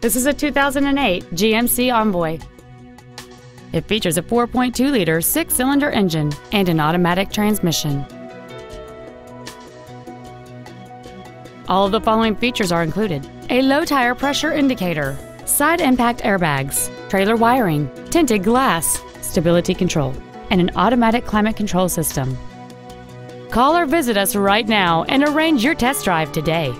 This is a 2008 GMC Envoy. It features a 4.2-liter six-cylinder engine and an automatic transmission. All of the following features are included. A low tire pressure indicator, side impact airbags, trailer wiring, tinted glass, stability control, and an automatic climate control system. Call or visit us right now and arrange your test drive today.